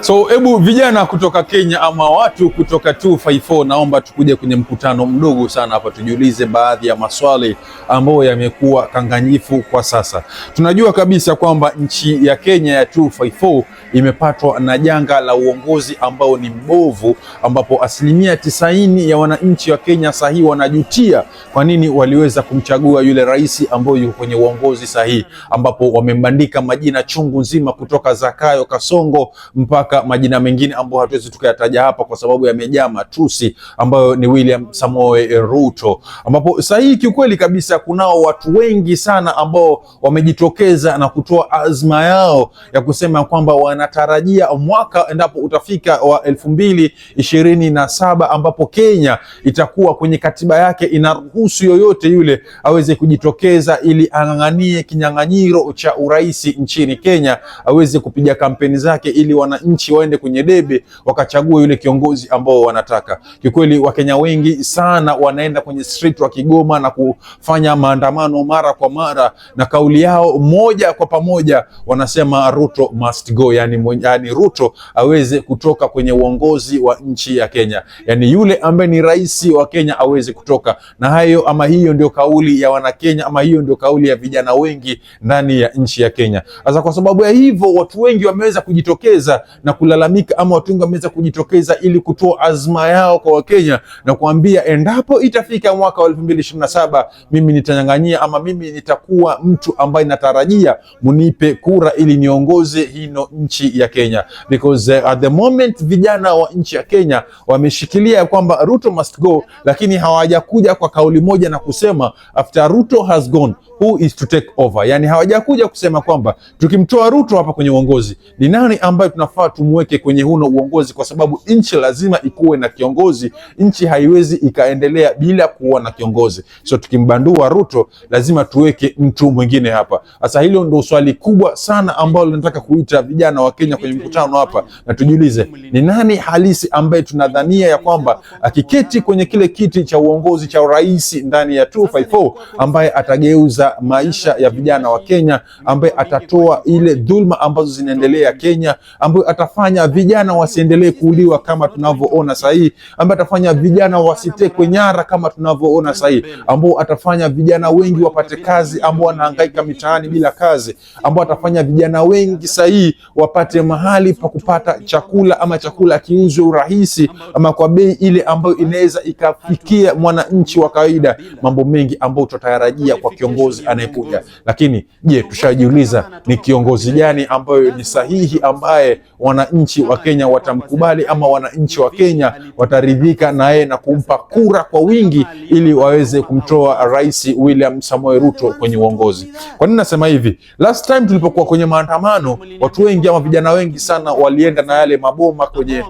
So hebu vijana kutoka Kenya ama watu kutoka 254 naomba tukuje kwenye mkutano mdogo sana hapa, tujiulize baadhi ya maswali ambayo yamekuwa kanganyifu kwa sasa. Tunajua kabisa kwamba nchi ya Kenya ya 254 imepatwa na janga la uongozi ambao ni mbovu, ambapo asilimia tisaini ya wananchi wa Kenya sahihi wanajutia kwa nini waliweza kumchagua yule rais ambayo yuko kwenye uongozi sahihi, ambapo wamembandika majina chungu nzima kutoka Zakayo Kasongo mpaka mpaka majina mengine ambayo hatuwezi tukayataja hapa kwa sababu yamejaa matusi, ambayo ni William Samoe Ruto, ambapo saa hii kiukweli kabisa kunao watu wengi sana ambao wamejitokeza na kutoa azma yao ya kusema kwamba wanatarajia mwaka endapo utafika wa elfu mbili ishirini na saba ambapo Kenya itakuwa kwenye katiba yake inaruhusu yoyote yule aweze kujitokeza ili ang'ang'anie kinyang'anyiro cha urais nchini Kenya, aweze kupiga kampeni zake ili wananchi wananchi waende kwenye debe wakachagua yule kiongozi ambao wanataka. Kiukweli, Wakenya wengi sana wanaenda kwenye street wakigoma na kufanya maandamano mara kwa mara, na kauli yao moja kwa pamoja wanasema Ruto must go, yani, yani Ruto aweze kutoka kwenye uongozi wa nchi ya Kenya, yani yule ambaye ni rais wa Kenya aweze kutoka. Na hayo ama hiyo ndio kauli ya Wanakenya ama hiyo ndio kauli ya vijana wengi ndani ya nchi ya Kenya. Sasa kwa sababu ya hivyo watu wengi wameweza kujitokeza na kulalamika ama wengi wameweza kujitokeza ili kutoa azma yao kwa Wakenya na kuambia endapo itafika mwaka wa elfu mbili ishirini na saba mimi nitanyang'anyia ama mimi nitakuwa mtu ambaye natarajia munipe kura ili niongoze hino nchi ya Kenya because uh, at the moment vijana wa nchi ya Kenya wameshikilia ya kwamba Ruto must go, lakini hawajakuja kwa kauli moja na kusema after Ruto has gone who is to take over. Yani hawajakuja kusema kwamba tukimtoa Ruto hapa kwenye uongozi ni nani ambaye tunafaa tumweke kwenye huno uongozi, kwa sababu nchi lazima ikuwe na kiongozi. Nchi haiwezi ikaendelea bila kuwa na kiongozi, so tukimbandua Ruto lazima tuweke mtu mwingine hapa. Sasa hilo ndo swali kubwa sana ambalo linataka kuita vijana wa Kenya kwenye mkutano hapa, na tujiulize ni nani halisi ambaye tunadhania ya kwamba akiketi kwenye kile kiti cha uongozi cha urais ndani ya 254 ambaye atageuza za maisha ya vijana wa Kenya, ambaye atatoa ile dhulma ambazo zinaendelea Kenya, ambaye atafanya vijana wasiendelee kuuliwa kama tunavyoona sasa hivi, ambaye atafanya vijana wasitekwe nyara kama tunavyoona sasa hivi, ambao atafanya vijana wengi wapate kazi, ambao wanahangaika mitaani bila kazi, ambao atafanya vijana wengi sasa hivi wapate mahali pa kupata chakula ama chakula kiuzwe urahisi ama kwa bei ile ambayo inaweza ikafikia mwananchi wa kawaida. Mambo mengi ambayo tutatarajia kwa kiongozi kiongozi anayekuja. Lakini je, tushajiuliza ni kiongozi gani ambayo ni sahihi ambaye wananchi wa Kenya watamkubali ama wananchi wa Kenya wataridhika naye na kumpa kura kwa wingi ili waweze kumtoa Rais William Samoei Ruto kwenye uongozi. Kwa nini nasema hivi? Last time tulipokuwa kwenye maandamano, watu wengi ama vijana wengi sana walienda na yale maboma kwenye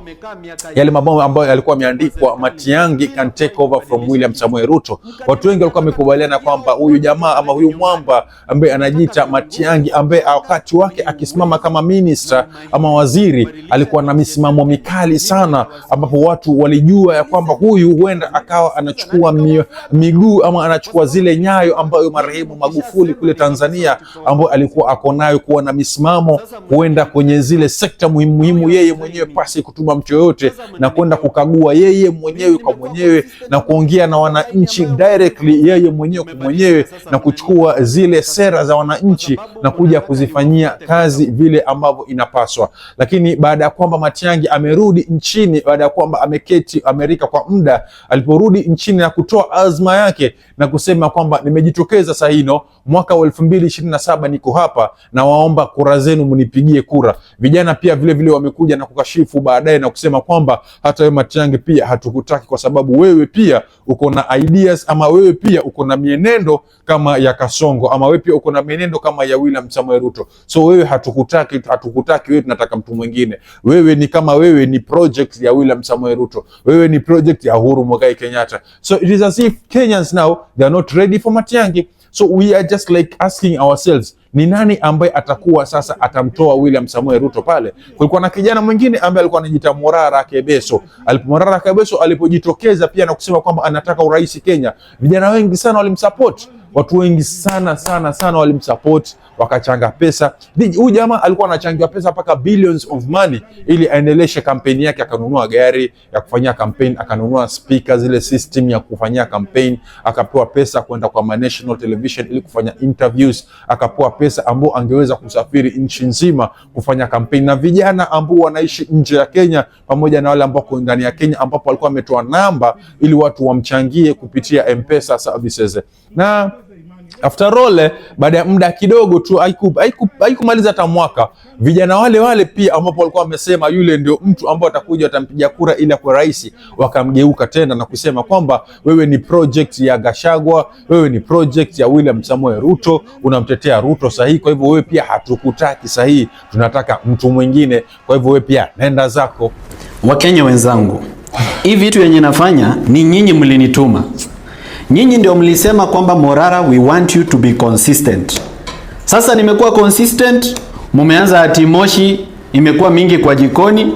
yale maboma ambayo yalikuwa yameandikwa Matiangi can take over from William Samoei Ruto. Watu wengi walikuwa wamekubaliana kwamba huyu jamaa ama huyu mwamba ambaye anajiita Matiang'i, ambaye wakati wake akisimama kama minister ama waziri alikuwa na misimamo mikali sana, ambapo watu walijua ya kwamba huyu huenda akawa anachukua miguu ama anachukua zile nyayo ambayo marehemu Magufuli kule Tanzania ambayo alikuwa ako nayo, kuwa na misimamo huenda kwenye zile sekta muhimu muhimu yeye mwenyewe pasi kutuma mtu yoyote, na kwenda kukagua yeye mwenyewe kwa mwenyewe na kuongea na wananchi directly yeye mwenyewe kwa mwenyewe na kuchukua kuchukua zile sera za wananchi na kuja kuzifanyia kazi vile ambavyo inapaswa. Lakini baada ya kwamba Matiang'i amerudi nchini, baada ya kwamba ameketi Amerika kwa muda, aliporudi nchini na kutoa azma yake na kusema kwamba nimejitokeza sahino mwaka wa elfu mbili ishirini na saba niko hapa na waomba kura zenu mnipigie kura. Vijana pia vilevile vile wamekuja na kukashifu baadaye na kusema kwamba hata wewe Matiang'i pia hatukutaki kwa sababu wewe pia uko na ideas ama wewe pia uko na mienendo kama ya Kasongo, ama wewe pia uko na menendo kama ya William Samuel Ruto. So wewe hatukutaki, hatukutaki wewe, tunataka mtu mwingine. Wewe ni kama wewe ni project ya William Samuel Ruto, wewe ni project ya Uhuru Muigai Kenyatta. So it is as if Kenyans now they are not ready for Matiang'i. So we are just like asking ourselves ni nani ambaye atakuwa sasa atamtoa William Samuel Ruto pale? Kulikuwa na kijana mwingine ambaye alikuwa anajiita Morara Kebeso. Morara Kebeso alipojitokeza pia na kusema kwamba anataka urais Kenya, vijana wengi sana walimsupport watu wengi sana sana sana walimsupport wakachanga pesa. Huyu jamaa alikuwa anachangiwa pesa mpaka billions of money ili aendeleshe kampeni yake, akanunua gari ya kufanyia kampeni, akanunua speaker, zile system ya kufanyia kampeni, akapewa pesa kwenda kwa national television ili kufanya interviews, akapewa pesa ambao angeweza kusafiri nchi nzima kufanya kampeni, na vijana ambao wanaishi nje ya Kenya pamoja na wale ambao wako ndani ya Kenya, ambapo alikuwa ametoa namba ili watu wamchangie kupitia M-Pesa services na After all, eh, baada ya muda kidogo tu, haikumaliza hata mwaka, vijana wale wale pia ambapo walikuwa wamesema yule ndio mtu ambao atakuja atampiga kura ila kwa rais, wakamgeuka tena na kusema kwamba wewe ni project ya Gashagwa, wewe ni project ya William Samoe Ruto, unamtetea Ruto sahihi, kwa hivyo wewe pia hatukutaki sahihi, tunataka mtu mwingine, kwa hivyo wewe pia nenda zako. Wakenya wenzangu, hii vitu yenye nafanya ni nyinyi mlinituma Nyinyi ndio mlisema kwamba Morara, we want you to be consistent. Sasa nimekuwa consistent, mumeanza ati moshi imekuwa mingi kwa jikoni,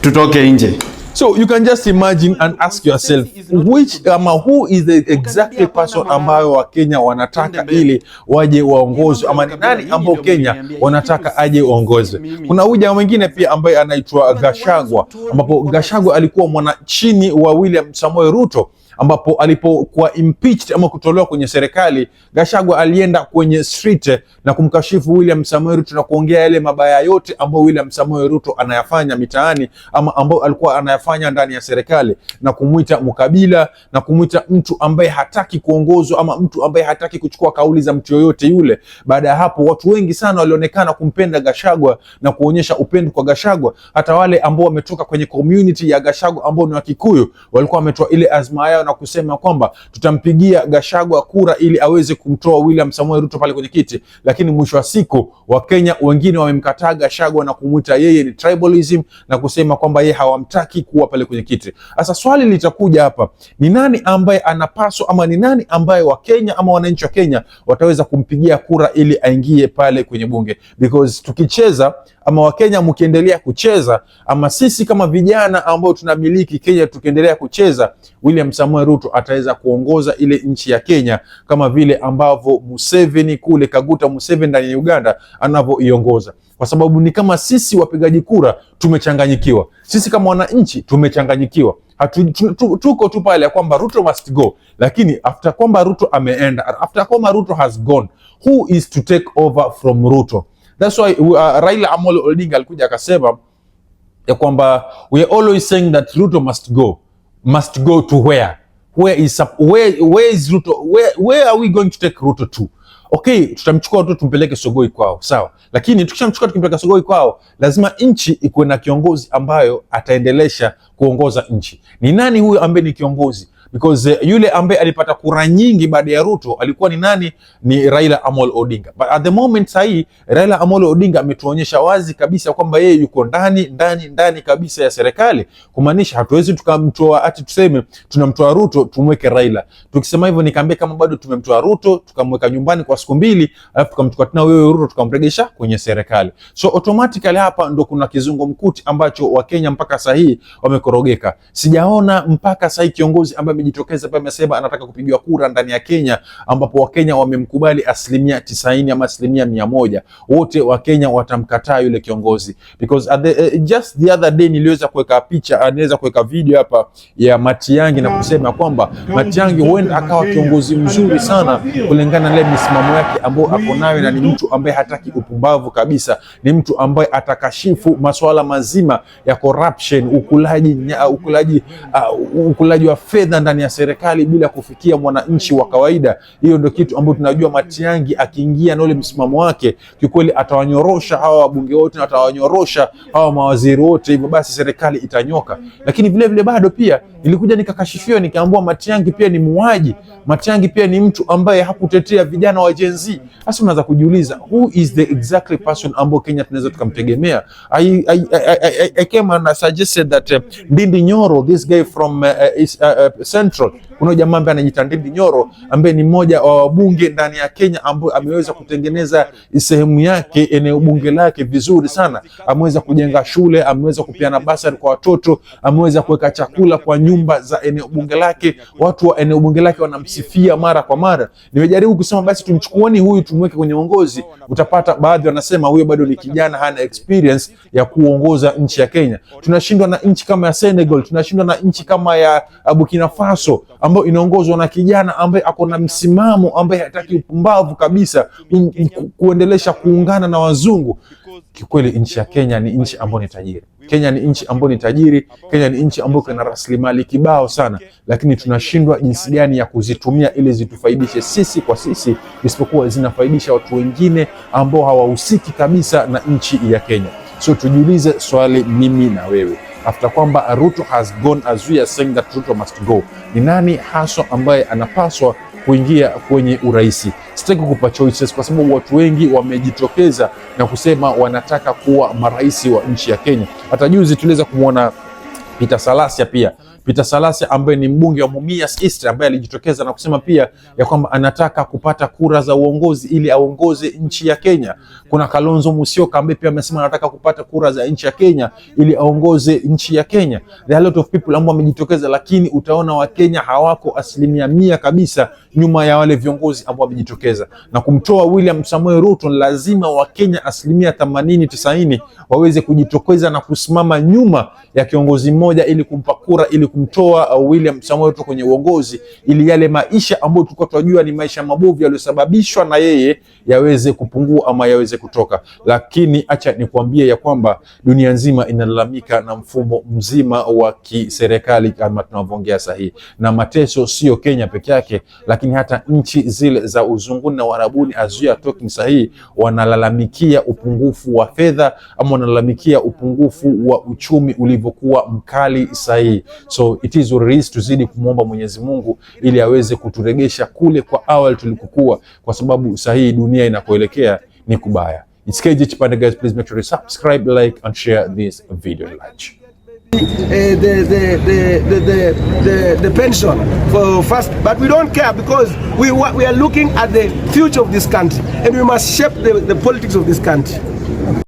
tutoke nje. So you can just imagine and ask yourself which ama who is the exactly person ambayo Wakenya wanataka ili waje waongozwe, ama ni nani ambao Kenya wanataka aje waongozwe Kuna uja mwingine pia ambaye anaitwa Gashagwa, ambapo Gashagwa alikuwa mwanachini wa William samoe Ruto ambapo alipokuwa impeached ama kutolewa kwenye serikali, Gachagua alienda kwenye street na kumkashifu William Samoei Ruto na kuongea yale mabaya yote ambayo William Samoei Ruto anayafanya mitaani ama ambayo alikuwa anayafanya ndani ya serikali na kumwita mkabila na kumwita mtu ambaye hataki kuongozwa ama mtu ambaye hataki kuchukua kauli za mtu yoyote yule. Baada ya hapo, watu wengi sana walionekana kumpenda Gachagua na kuonyesha upendo kwa Gachagua, hata wale ambao wametoka kwenye community ya Gachagua ambao ni Wakikuyu walikuwa wametoa ile azma yao na kusema kwamba tutampigia Gashagwa kura ili aweze kumtoa William Samuel Ruto pale kwenye kiti, lakini mwisho wa siku Wakenya wengine wamemkataa Gashagwa na kumwita yeye ni tribalism na kusema kwamba yeye hawamtaki kuwa pale kwenye kiti. Sasa swali litakuja hapa, ni nani ambaye anapaswa ama ni nani ambaye Wakenya ama wananchi wa Kenya wataweza kumpigia kura ili aingie pale kwenye bunge because tukicheza ama Wakenya mkiendelea kucheza, ama sisi kama vijana ambao tunamiliki Kenya tukiendelea kucheza, William Samoei Ruto ataweza kuongoza ile nchi ya Kenya kama vile ambavyo Museveni kule Kaguta Museveni ndani ya Uganda anavyoiongoza, kwa sababu ni kama sisi wapigaji kura tumechanganyikiwa, sisi kama wananchi tumechanganyikiwa. Hatu, tuko tu pale ya kwamba Ruto must go, lakini after kwamba Ruto ameenda, after kwamba Ruto has gone, who is to take over from Ruto? That's why uh, Raila Amolo Odinga alikuja akasema ya kwamba we are always saying that Ruto must go must go to where where is where, where is Ruto where, where are we going to take Ruto to Okay, tutamchukua Ruto tumpeleke Sogoi kwao, sawa. Lakini tukishamchukua tukimpeleka Sogoi kwao, lazima nchi ikuwe na kiongozi ambayo ataendelesha kuongoza nchi. Ni nani huyo ambaye ni kiongozi? because uh, yule ambaye alipata kura nyingi baada ya Ruto alikuwa ni nani? Ni Raila Amolo Odinga. But at the moment sahii Raila Amolo Odinga ametuonyesha wazi kabisa kwamba yeye yuko ndani ndani ndani kabisa ya serikali, kumaanisha hatuwezi tukamtoa ati tuseme tunamtoa Ruto tumweke Raila. Tukisema hivyo nikaambia kama bado tumemtoa Ruto tukamweka nyumbani kwa siku mbili, alafu tukamchukua tena wewe Ruto tukamregesha kwenye serikali, so automatically hapa ndo kuna kizungumkuti ambacho Wakenya mpaka sahii wamekorogeka. Sijaona mpaka sahii kiongozi ambaye amejitokeza pale, amesema anataka kupigiwa kura ndani ya Kenya, ambapo Wakenya wamemkubali asilimia tisaini ama asilimia mia moja. Wote Wakenya watamkataa yule kiongozi because at uh, the, uh, just the other day niliweza kuweka picha, anaweza uh, kuweka video hapa ya Matiangi na kusema kwamba Matiangi huenda akawa kiongozi mzuri sana kulingana na ile misimamo yake ambayo ako nayo, na ni mtu ambaye hataki upumbavu kabisa, ni mtu ambaye atakashifu masuala mazima ya corruption, ukulaji ukulaji, uh, ukulaji wa fedha ndani ya serikali bila kufikia mwananchi wa kawaida. Hiyo ndio kitu ambacho tunajua Matiangi akiingia na ule msimamo wake, kiukweli atawanyorosha hawa wabunge wote na atawanyorosha hawa mawaziri wote, hivyo basi serikali itanyoka. Lakini vile vile bado pia nilikuja nikakashifiwa, nikaambiwa Matiangi pia ni muaji, Matiangi pia ni mtu ambaye hakutetea vijana wa Gen Z. Sasa unaweza kujiuliza who is the exactly person ambao Kenya tunaweza tukamtegemea. I, I, I, I, I came and I suggested that uh, Ndindi Nyoro this guy from uh, uh, uh, uh, Central. Kuna jamaa ambaye anajiita Ndindi Nyoro ambaye ni mmoja wa wabunge ndani ya Kenya ambaye ameweza kutengeneza sehemu yake eneo bunge lake vizuri sana. Ameweza kujenga shule, ameweza kupeana basari kwa watoto, ameweza kuweka chakula kwa nyumba za eneo bunge lake. Watu wa eneo bunge lake wanamsifia mara kwa mara. Nimejaribu kusema basi tumchukueni huyu tumweke kwenye uongozi, utapata baadhi wanasema huyo bado ni kijana, hana experience ya kuongoza nchi ya Kenya. Tunashindwa na nchi kama ya Senegal, tunashindwa na nchi kama ya Burkina Faso Faso ambayo inaongozwa na kijana ambaye ako na msimamo, ambaye hataki upumbavu kabisa kuendelesha kuungana na wazungu. kikweli nchi ya Kenya ni nchi ambayo ni tajiri. Kenya ni nchi ambayo ni tajiri. Kenya ni nchi ambayo ina rasilimali kibao sana, lakini tunashindwa jinsi gani ya kuzitumia ili zitufaidishe sisi kwa sisi, isipokuwa zinafaidisha watu wengine ambao hawahusiki kabisa na nchi ya Kenya. So tujiulize swali, mimi na wewe after kwamba Ruto has gone as we are saying that Ruto must go. Ni nani haswa ambaye anapaswa kuingia kwenye uraisi? Sitaki kupa choices kwa sababu watu wengi wamejitokeza na kusema wanataka kuwa marais wa nchi ya Kenya. Hata juzi tuliweza kumwona Peter Salasia pia Peter Salasya ambaye ni mbunge wa Mumias East ambaye alijitokeza na kusema pia ya kwamba anataka kupata kura za uongozi ili aongoze nchi ya Kenya. Kuna Kalonzo Musyoka ambaye pia amesema anataka kupata kura za nchi ya Kenya ili aongoze nchi ya Kenya. There are a lot of people ambao wamejitokeza, lakini utaona Wakenya hawako asilimia mia kabisa nyuma ya wale viongozi ambao wamejitokeza na kumtoa William Samuel Ruto. Lazima Wakenya asilimia 80 tisaini waweze kujitokeza na kusimama nyuma ya kiongozi mmoja ili kumpa kura ili kum kumtoa uh, William Samoei Ruto kwenye uongozi ili yale maisha ambayo tulikuwa tunajua ni maisha mabovu yaliyosababishwa na yeye yaweze kupungua ama yaweze kutoka. Lakini acha nikwambie ya kwamba dunia nzima inalalamika na mfumo mzima wa kiserikali kama tunavyoongea sahihi, na mateso sio Kenya peke yake, lakini hata nchi zile za uzunguni na warabuni azuia talking sahihi, wanalalamikia upungufu wa fedha ama wanalalamikia upungufu wa uchumi ulivyokuwa mkali sahihi so it is what it is, tuzidi kumwomba Mwenyezi Mungu ili aweze kuturegesha kule kwa awali tulikokuwa, kwa sababu saa dunia inakoelekea ni kubaya. It's KG Chipande guys, please make sure you subscribe, like and share this video large. Uh, the, the, the, the, the, the pension for first, but we don't care because we, we are looking at the future of this country and we must shape the, the politics of this country.